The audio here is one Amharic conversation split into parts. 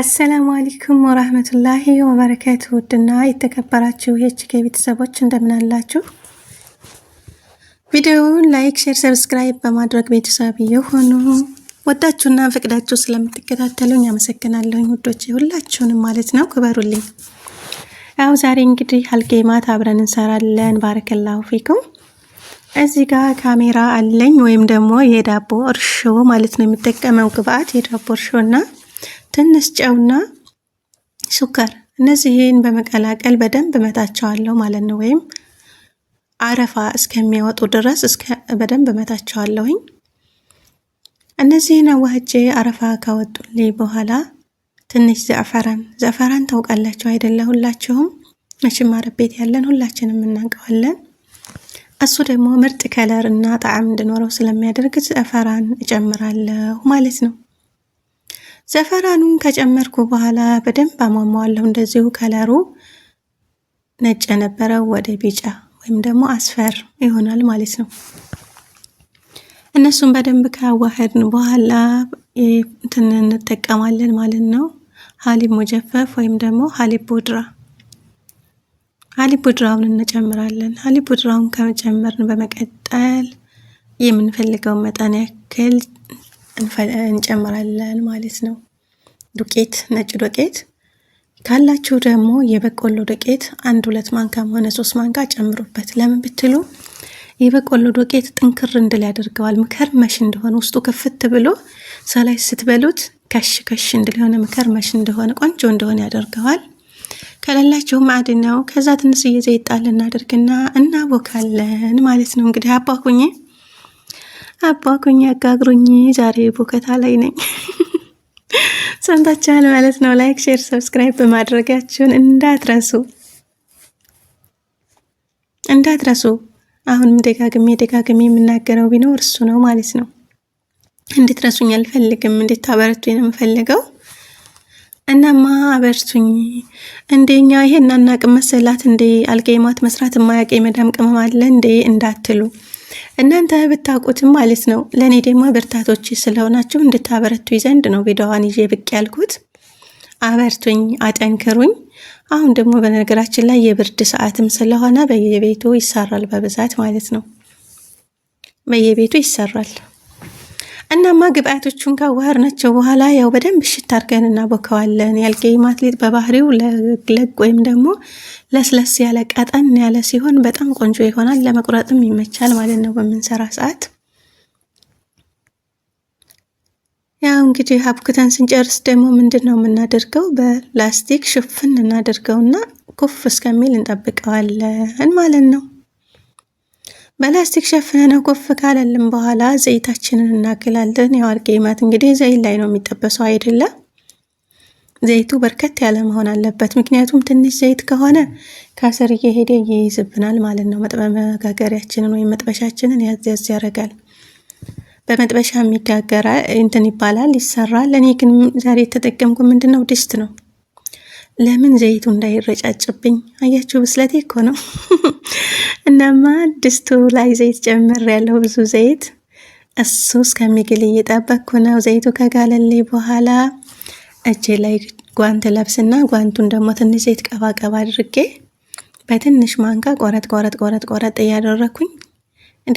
አሰላሙ አለይኩም ወራህመቱላሂ ወበረካቱ። ውድና የተከበራችሁ የችኬ ቤተሰቦች እንደምናላችሁ። ቪዲዮውን ላይክ፣ ሼር፣ ሰብስክራይብ በማድረግ ቤተሰብ የሆኑ ወዳችሁና ፍቅዳችሁ ስለምትከታተሉኝ አመሰግናለሁኝ። ውዶች ሁላችሁንም ማለት ነው ክበሩልኝ። ያው ዛሬ እንግዲህ አልጌማት አብረን እንሰራለን። ባረከላሁ ፊኩም። እዚህ ጋር ካሜራ አለኝ ወይም ደግሞ የዳቦ እርሾ ማለት ነው የምጠቀመው ግብአት የዳቦ እርሾና ትንሽ ጨውና ሱከር እነዚህን በመቀላቀል በደንብ እመታቸዋለሁ ማለት ነው። ወይም አረፋ እስከሚያወጡ ድረስ በደንብ እመታቸዋለሁኝ። እነዚህን አዋህጄ አረፋ ካወጡልኝ በኋላ ትንሽ ዘፈረን ዘፈረን ታውቃላችሁ አይደለ? ሁላችሁም መቼም አረብ ቤት ያለን ሁላችንም እናውቀዋለን። እሱ ደግሞ ምርጥ ከለር እና ጣዕም እንድኖረው ስለሚያደርግ ዘፈራን እጨምራለሁ ማለት ነው። ዘፈራኑን ከጨመርኩ በኋላ በደንብ አሟሟዋለሁ። እንደዚሁ ከለሩ ነጭ የነበረው ወደ ቢጫ ወይም ደግሞ አስፈር ይሆናል ማለት ነው። እነሱን በደንብ ካዋህድን በኋላ እንትን እንጠቀማለን ማለት ነው። ሀሊብ ሙጀፈፍ ወይም ደግሞ ሀሊብ ቡድራ ሀሊብ ቡድራውን እንጨምራለን። ሀሊብ ቡድራውን ከጨመርን በመቀጠል የምንፈልገውን መጠን ያክል እንጨምራለን ማለት ነው። ዱቄት ነጭ ዱቄት ካላችሁ ደግሞ የበቆሎ ዱቄት አንድ ሁለት ማንካም ሆነ ሶስት ማንካ ጨምሩበት። ለምን ብትሉ የበቆሎ ዱቄት ጥንክር እንድል ያደርገዋል። ምከር መሽ እንደሆነ ውስጡ ክፍት ብሎ ሰላይ ስትበሉት ከሽ ከሽ እንድል የሆነ ምከር መሽ እንደሆነ ቆንጆ እንደሆነ ያደርገዋል። ከሌላችሁ ማዕድን ነው። ከዛ ትንሽዬ ዘይት እናደርግና እናቦካለን ማለት ነው። እንግዲህ አባኩኝ አባኩኝ አጋግሩኝ። ዛሬ ቦከታ ላይ ነኝ። ሰምታችኋል ማለት ነው። ላይክ፣ ሼር፣ ሰብስክራይብ በማድረጋችሁን እንዳትረሱ እንዳትረሱ። አሁንም ደጋግሜ ደጋግሜ የምናገረው ቢኖር እሱ ነው ማለት ነው። እንድትረሱኝ አልፈልግም። እንዴት ነው የምፈልገው። እናማ አበርቱኝ። እንደኛ ይሄን አናቅም መሰላት እንዴ? አልጌማት መስራት የማያውቅ የመዳም ቅመም አለ እንዴ እንዳትሉ እናንተ ብታውቁትም ማለት ነው። ለእኔ ደግሞ ብርታቶች ስለሆናችሁ እንድታበረቱ ዘንድ ነው ቪዲዮዋን ይዤ ብቅ ያልኩት። አበርቱኝ፣ አጠንክሩኝ። አሁን ደግሞ በነገራችን ላይ የብርድ ሰዓትም ስለሆነ በየቤቱ ይሰራል በብዛት ማለት ነው። በየቤቱ ይሰራል። እናማ ግብአቶቹን ካዋህርናቸው በኋላ ያው በደንብ እሽት አድርገን እናቦከዋለን። ያልጌም አትሌት በባህሪው ለግለግ ወይም ደግሞ ለስለስ ያለ ቀጠን ያለ ሲሆን በጣም ቆንጆ ይሆናል። ለመቁረጥም ይመቻል ማለት ነው በምንሰራ ሰዓት። ያው እንግዲህ አቡክተን ስንጨርስ ደግሞ ምንድን ነው የምናደርገው? በላስቲክ ሽፍን እናደርገውና ኩፍ እስከሚል እንጠብቀዋለን ማለት ነው። በላስቲክ ሸፍነን ኮፍ ካለልን በኋላ ዘይታችንን እናግላለን። ያው አርጌማት እንግዲህ ዘይት ላይ ነው የሚጠበሰው አይደለ? ዘይቱ በርከት ያለ መሆን አለበት። ምክንያቱም ትንሽ ዘይት ከሆነ ከስር እየሄደ ይይዝብናል ማለት ነው። መጋገሪያችንን ወይም መጥበሻችንን ያዝ ያደርጋል። በመጥበሻ የሚጋገረ እንትን ይባላል ይሰራል። እኔ ግን ዛሬ የተጠቀምኩ ምንድን ነው ድስት ነው። ለምን ዘይቱ እንዳይረጫጭብኝ አያችሁ፣ ብስለቴ እኮ ነው። እናማ ድስቱ ላይ ዘይት ጨምር ያለው ብዙ ዘይት እሱ እስከሚግል እየጠበቅኩ ነው። ዘይቱ ከጋለልኝ በኋላ እጄ ላይ ጓንት ለብስና ጓንቱን ደግሞ ትንሽ ዘይት ቀባቀባ አድርጌ በትንሽ ማንካ ቆረጥ ቆረጥ ቆረጥ ቆረጥ እያደረኩኝ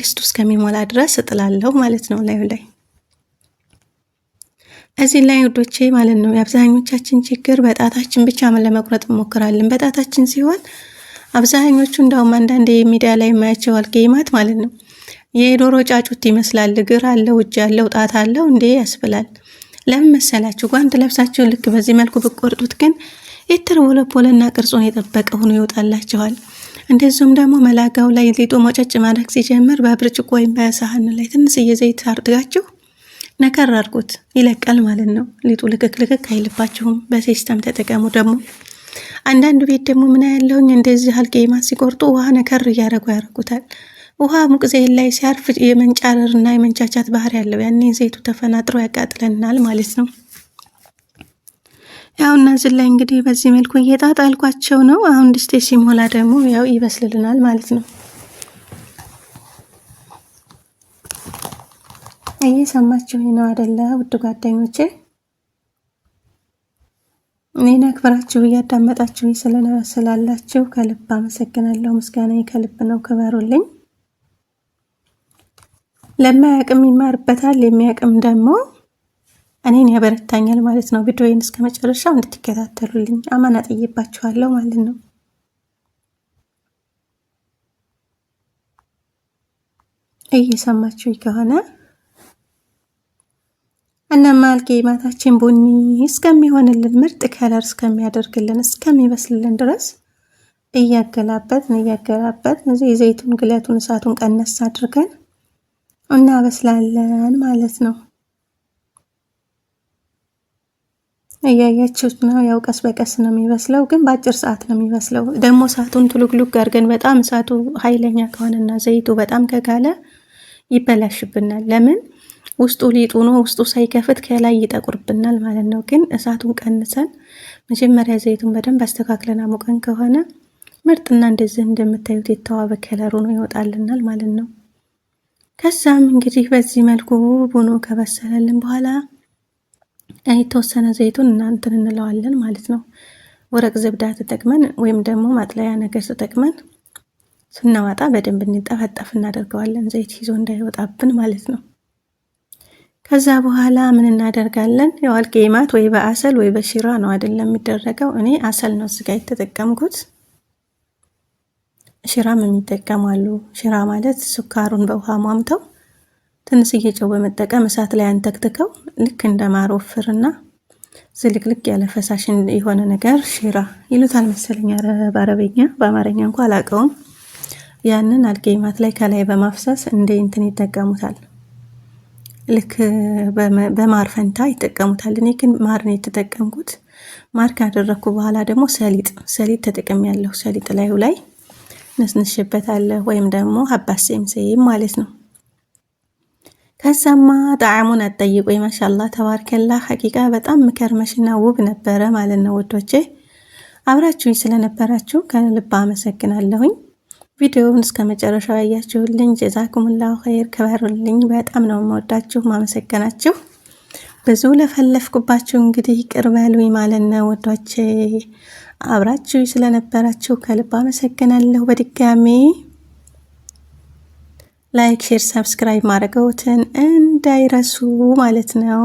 ድስቱ እስከሚሞላ ድረስ እጥላለሁ ማለት ነው ላዩ ላይ እዚህ ላይ ውዶቼ ማለት ነው የአብዛኞቻችን ችግር በጣታችን ብቻ ምን ለመቁረጥ እንሞክራለን። በጣታችን ሲሆን አብዛኞቹ እንዳውም አንዳንድ የሚዲያ ላይ የማያቸው አልገይማት ማለት ነው የዶሮ ጫጩት ይመስላል። እግር አለው፣ እጅ አለው፣ ጣት አለው እንዴ ያስብላል። ለምን መሰላችሁ? ጓንት ለብሳችሁ ልክ በዚህ መልኩ ብቆርጡት ግን የተርወለፖለና ቅርጹን የጠበቀ ሆኖ ይወጣላችኋል። እንደዚሁም ደግሞ መላጋው ላይ ሊጡ መጨጭ ማድረግ ሲጀምር በብርጭቆ ወይም በሳህን ላይ ትንሽዬ ዘይት አርጋችሁ ነከር አድርጎት ይለቃል ማለት ነው። ሊጡ ልክክ ልክክ አይልባችሁም። በሲስተም ተጠቀሙ። ደግሞ አንዳንዱ ቤት ደግሞ ምን ያለውኝ እንደዚህ አልጌማ ሲቆርጡ ውሃ ነከር እያደረጉ ያደርጉታል። ውሃ ሙቅ ላይ ሲያርፍ የመንጫረር እና የመንቻቻት ባህሪ ያለው ያኔ ዘይቱ ተፈናጥሮ ያቃጥለናል ማለት ነው። ያው እነዚህ ላይ እንግዲህ በዚህ መልኩ እየጣጣልኳቸው ነው። አሁን ድስቴ ሲሞላ ደግሞ ያው ይበስልልናል ማለት ነው። እየሰማችሁኝ ነው አደለ? ውድ ጓደኞቼ እኔን አክብራችሁ እያዳመጣችሁኝ ስላላችሁ ከልብ አመሰግናለሁ። ምስጋና ከልብ ነው፣ ክበሩልኝ። ለማያቅም ይማርበታል፣ የሚያቅም ደግሞ እኔን ያበረታኛል ማለት ነው። ቪዲዮዬን እስከ መጨረሻው እንድትከታተሉልኝ አማና ጠይባችኋለሁ ማለት ነው። እየሰማችሁ ከሆነ እናም አልጌ ማታችን ቡኒ እስከሚሆንልን ምርጥ ከለር እስከሚያደርግልን እስከሚበስልልን ድረስ እያገላበጥን እያገላበጥን እዚህ የዘይቱን ግለቱን እሳቱን ቀነስ አድርገን እናበስላለን ማለት ነው። እያያችሁት ነው። ያው ቀስ በቀስ ነው የሚበስለው፣ ግን በአጭር ሰዓት ነው የሚበስለው። ደግሞ እሳቱን ትሉግሉግ አድርገን በጣም እሳቱ ኃይለኛ ከሆነና ዘይቱ በጣም ከጋለ ይበላሽብናል። ለምን ውስጡ ሊጡ ነው። ውስጡ ሳይከፍት ከላይ ይጠቁርብናል ማለት ነው። ግን እሳቱን ቀንሰን መጀመሪያ ዘይቱን በደንብ አስተካክለን አሙቀን ከሆነ ምርጥና እንደዚህ እንደምታዩት የተዋበ ከለሩ ነው ይወጣልናል ማለት ነው። ከዛም እንግዲህ በዚህ መልኩ ቡኖ ከበሰለልን በኋላ የተወሰነ ዘይቱን እናንትን እንለዋለን ማለት ነው። ወረቅ ዝብዳ ተጠቅመን ወይም ደግሞ ማጥለያ ነገር ተጠቅመን ስናወጣ በደንብ እንጠፈጠፍ እናደርገዋለን ዘይት ይዞ እንዳይወጣብን ማለት ነው። ከዛ በኋላ ምን እናደርጋለን? ያው አልቄማት ወይ በአሰል ወይ በሽራ ነው አይደለም የሚደረገው። እኔ አሰል ነው እዚጋ የተጠቀምኩት። ሽራም የሚጠቀሙ አሉ። ሽራ ማለት ሱካሩን በውሃ ሟምተው ትንሽዬ ጨው በመጠቀም እሳት ላይ አንተክትከው ልክ እንደ ማር ወፍርና ዝልቅልቅ ያለ ፈሳሽ የሆነ ነገር ሽራ ይሉታል መሰለኝ በአረበኛ፣ በአማርኛ እንኳ አላውቀውም። ያንን አልቄማት ላይ ከላይ በማፍሰስ እንደ እንትን ይጠቀሙታል። ልክ በማር ፈንታ ይጠቀሙታል። እኔ ግን ማር ነው የተጠቀምኩት። ማር ካደረግኩ በኋላ ደግሞ ሰሊጥ ሰሊጥ ተጠቅም ያለሁ ሰሊጥ ላዩ ላይ ነስንሽበታለሁ ወይም ደግሞ ሀባስ ሴምሴም ማለት ነው። ከዛማ ጣዕሙን አጠይቆ ማሻላ ተባርከላ ሐቂቃ በጣም ምከርመሽና ውብ ነበረ ማለት ነው። ወዶቼ አብራችሁኝ ስለነበራችሁ ከልባ አመሰግናለሁኝ። ቪዲዮውን እስከ መጨረሻው ያያችሁልኝ ጀዛኩሙላሁ ኸይር ክበሩልኝ። በጣም ነው መወዳችሁ ማመሰገናችሁ። ብዙ ለፈለፍኩባችሁ እንግዲህ ይቅር በሉኝ ማለት ነው ወዶቼ። አብራችሁ ስለነበራችሁ ከልብ አመሰግናለሁ። በድጋሚ ላይክ፣ ሼር፣ ሰብስክራይብ ማድረገውትን እንዳይረሱ ማለት ነው።